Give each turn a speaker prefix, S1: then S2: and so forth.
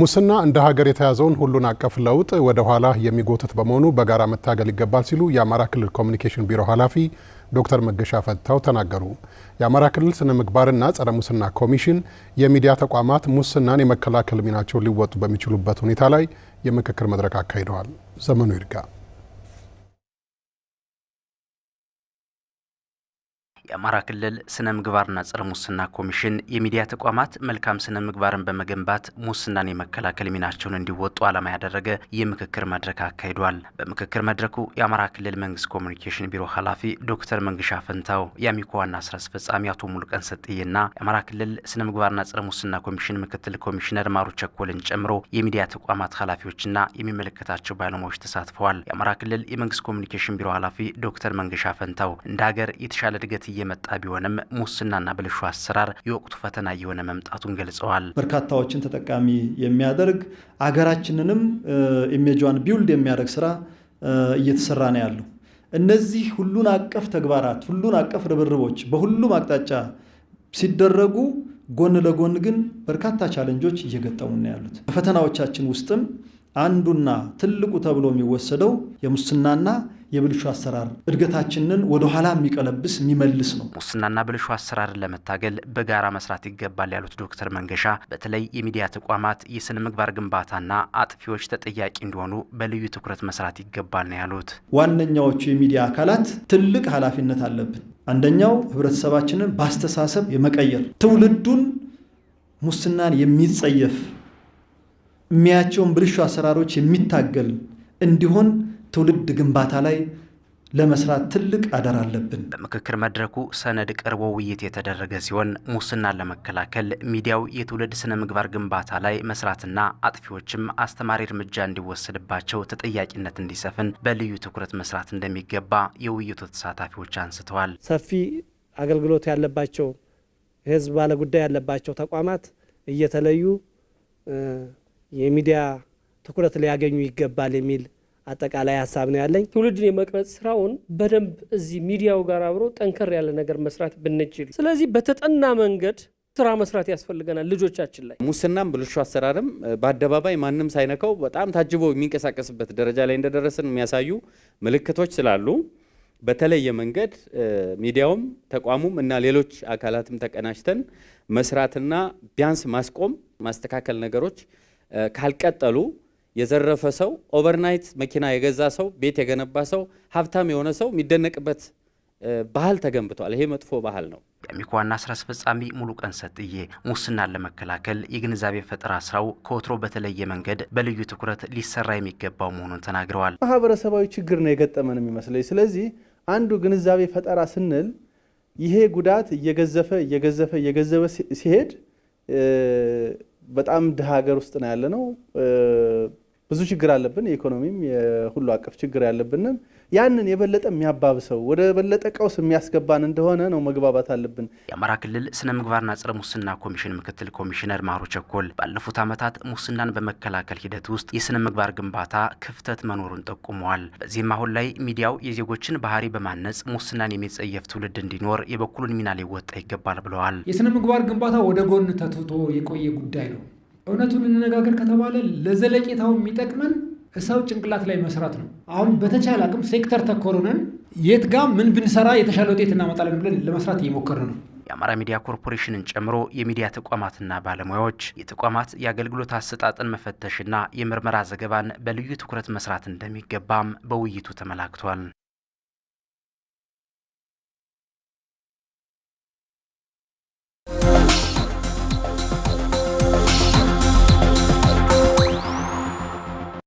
S1: ሙስና እንደ ሀገር የተያዘውን ሁሉን አቀፍ ለውጥ ወደ ኋላ የሚጎትት በመሆኑ በጋራ መታገል ይገባል ሲሉ የአማራ ክልል ኮሚኒኬሽን ቢሮ ኃላፊ ዶክተር መገሻ ፈንታው ተናገሩ። የአማራ ክልል ስነ ምግባርና ጸረ ሙስና ኮሚሽን የሚዲያ ተቋማት ሙስናን የመከላከል ሚናቸውን ሊወጡ በሚችሉበት ሁኔታ ላይ የምክክር መድረክ አካሂደዋል። ዘመኑ ይርጋ
S2: የአማራ ክልል ስነ ምግባርና ጸረ ሙስና ኮሚሽን የሚዲያ ተቋማት መልካም ስነ ምግባርን በመገንባት ሙስናን የመከላከል ሚናቸውን እንዲወጡ ዓላማ ያደረገ የምክክር መድረክ አካሂዷል። በምክክር መድረኩ የአማራ ክልል መንግስት ኮሚኒኬሽን ቢሮ ኃላፊ ዶክተር መንግሻ ፈንታው፣ የአሚኮ ዋና ስራ አስፈጻሚ አቶ ሙሉቀን ሰጥዬና የአማራ ክልል ስነ ምግባርና ጸረ ሙስና ኮሚሽን ምክትል ኮሚሽነር ማሩ ቸኮልን ጨምሮ የሚዲያ ተቋማት ኃላፊዎችና የሚመለከታቸው ባለሙያዎች ተሳትፈዋል። የአማራ ክልል የመንግስት ኮሚኒኬሽን ቢሮ ኃላፊ ዶክተር መንግሻ ፈንታው እንደ ሀገር የተሻለ እድገት እየመጣ ቢሆንም ሙስናና ብልሹ አሰራር የወቅቱ ፈተና እየሆነ መምጣቱን ገልጸዋል።
S3: በርካታዎችን ተጠቃሚ የሚያደርግ አገራችንንም ኢሜጇን ቢውልድ የሚያደርግ ስራ እየተሰራ ነው ያለው። እነዚህ ሁሉን አቀፍ ተግባራት፣ ሁሉን አቀፍ ርብርቦች በሁሉም አቅጣጫ ሲደረጉ ጎን ለጎን ግን በርካታ ቻለንጆች ነው ያሉት በፈተናዎቻችን ውስጥም አንዱና ትልቁ ተብሎ የሚወሰደው የሙስናና የብልሹ አሰራር እድገታችንን ወደ ኋላ የሚቀለብስ የሚመልስ ነው።
S2: ሙስናና ብልሹ አሰራርን ለመታገል በጋራ መስራት ይገባል ያሉት ዶክተር መንገሻ በተለይ የሚዲያ ተቋማት የስነ ምግባር ግንባታና አጥፊዎች ተጠያቂ እንዲሆኑ በልዩ ትኩረት መስራት ይገባል ነው ያሉት።
S3: ዋነኛዎቹ የሚዲያ አካላት ትልቅ ኃላፊነት አለብን። አንደኛው ህብረተሰባችንን በአስተሳሰብ የመቀየር ትውልዱን ሙስናን የሚጸየፍ የሚያቸውን ብልሹ አሰራሮች የሚታገል እንዲሆን ትውልድ ግንባታ ላይ ለመስራት ትልቅ አደራ አለብን።
S2: በምክክር መድረኩ ሰነድ ቀርቦ ውይይት የተደረገ ሲሆን ሙስናን ለመከላከል ሚዲያው የትውልድ ስነ ምግባር ግንባታ ላይ መስራትና አጥፊዎችም አስተማሪ እርምጃ እንዲወሰድባቸው ተጠያቂነት እንዲሰፍን በልዩ ትኩረት መስራት እንደሚገባ የውይይቱ ተሳታፊዎች አንስተዋል።
S3: ሰፊ አገልግሎት ያለባቸው የህዝብ ባለጉዳይ ያለባቸው ተቋማት እየተለዩ የሚዲያ ትኩረት ሊያገኙ ይገባል የሚል አጠቃላይ ሀሳብ ነው ያለኝ። ትውልድን የመቅረጽ ስራውን በደንብ እዚህ ሚዲያው ጋር አብሮ ጠንከር ያለ ነገር መስራት ብንችል፣ ስለዚህ በተጠና መንገድ ስራ መስራት ያስፈልገናል ልጆቻችን ላይ።
S4: ሙስናም ብልሹ አሰራርም በአደባባይ ማንም ሳይነካው በጣም ታጅቦ የሚንቀሳቀስበት ደረጃ ላይ እንደደረስን የሚያሳዩ ምልክቶች ስላሉ በተለየ መንገድ ሚዲያውም ተቋሙም እና ሌሎች አካላትም ተቀናጅተን መስራትና ቢያንስ ማስቆም ማስተካከል ነገሮች ካልቀጠሉ የዘረፈ ሰው፣ ኦቨርናይት መኪና የገዛ ሰው፣ ቤት የገነባ ሰው፣ ሀብታም የሆነ ሰው የሚደነቅበት ባህል ተገንብቷል። ይሄ መጥፎ ባህል ነው።
S2: የአሚኮ ዋና ስራ አስፈጻሚ ሙሉ ቀን ሰጥዬ ሙስናን ለመከላከል የግንዛቤ ፈጠራ ስራው ከወትሮ በተለየ መንገድ በልዩ ትኩረት ሊሰራ የሚገባው መሆኑን ተናግረዋል።
S3: ማህበረሰባዊ ችግር ነው የገጠመን የሚመስለኝ። ስለዚህ አንዱ ግንዛቤ ፈጠራ ስንል ይሄ ጉዳት እየገዘፈ እየገዘፈ እየገዘበ ሲሄድ በጣም ድሃ ሀገር ውስጥ ነው ያለ ነው። ብዙ ችግር አለብን። የኢኮኖሚም የሁሉ አቀፍ ችግር ያለብንን ያንን የበለጠ የሚያባብሰው ወደ በለጠ ቀውስ የሚያስገባን እንደሆነ ነው መግባባት አለብን።
S2: የአማራ ክልል ስነ ምግባርና ጸረ ሙስና ኮሚሽን ምክትል ኮሚሽነር ማሩ ቸኮል ባለፉት ዓመታት ሙስናን በመከላከል ሂደት ውስጥ የስነ ምግባር ግንባታ ክፍተት መኖሩን ጠቁመዋል። በዚህም አሁን ላይ ሚዲያው የዜጎችን ባህሪ በማነጽ ሙስናን የሚጸየፍ ትውልድ እንዲኖር የበኩሉን ሚና ሊወጣ ይገባል ብለዋል።
S3: የስነ ምግባር ግንባታ ወደ ጎን ተትቶ የቆየ ጉዳይ ነው። እውነቱን እንነጋገር ከተባለ ለዘለቄታው የሚጠቅመን እሰው ጭንቅላት ላይ መስራት ነው። አሁን በተቻለ አቅም ሴክተር ተኮር ሆነን የት ጋ ምን ብንሰራ የተሻለ ውጤት እናመጣለን ብለን ለመስራት እየሞከርን ነው።
S2: የአማራ ሚዲያ ኮርፖሬሽንን ጨምሮ የሚዲያ ተቋማትና ባለሙያዎች የተቋማት የአገልግሎት አሰጣጥን መፈተሽና የምርመራ ዘገባን በልዩ ትኩረት መስራት እንደሚገባም በውይይቱ ተመላክቷል።